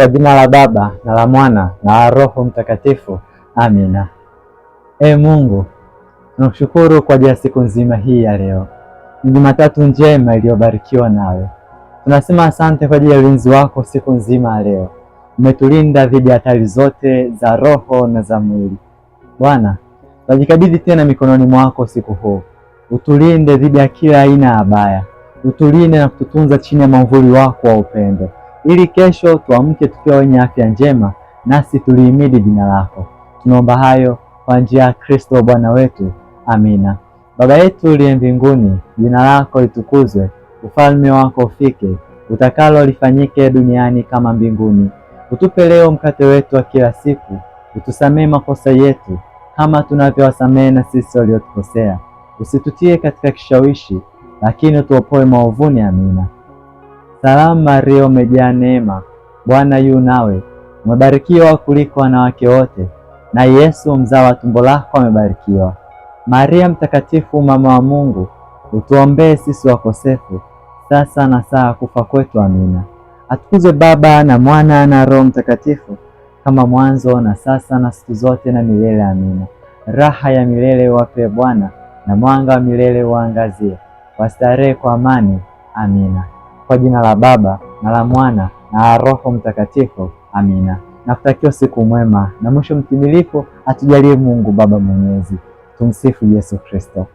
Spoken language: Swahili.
Kwa jina la Baba na la Mwana na la Roho Mtakatifu, amina. E Mungu, tunakushukuru kwa ajili ya siku nzima hii ya leo, ni Jumatatu njema iliyobarikiwa nawe. Tunasema asante kwa ajili ya ulinzi wako siku nzima ya leo, umetulinda dhidi ya hatari zote za roho na za mwili. Bwana, tunajikabidhi tena mikononi mwako siku huu, utulinde dhidi ya kila aina ya baya, utulinde na kututunza chini ya mwamvuli wako wa upendo ili kesho tuamke tukiwa wenye afya njema, nasi tulihimidi jina lako. Tunaomba hayo kwa njia ya Kristo Bwana wetu, amina. Baba yetu uliye mbinguni, jina lako litukuzwe, ufalme wako ufike, utakalo lifanyike duniani kama mbinguni. Utupe leo mkate wetu wa kila siku, utusamee makosa yetu kama tunavyowasamee na sisi waliotukosea, usitutie katika kishawishi, lakini tuopoe maovuni. Amina. Salamu Maria, umejaa neema, Bwana yu nawe, umebarikiwa kuliko wanawake wote, na Yesu mzao wa tumbo lako amebarikiwa. Maria mtakatifu, mama wa Mungu, utuombee sisi wakosefu, sasa na saa kufa kwetu. Amina. Atukuzwe Baba na Mwana na Roho Mtakatifu, kama mwanzo na sasa na siku zote na milele. Amina. Raha ya milele wape Bwana, na mwanga wa milele waangazie, wastarehe kwa amani. Amina. Kwa jina la Baba na la Mwana na la Roho Mtakatifu, amina. Nakutakia siku mwema na mwisho mtimilifu, atujalie Mungu Baba Mwenyezi. Tumsifu Yesu Kristo.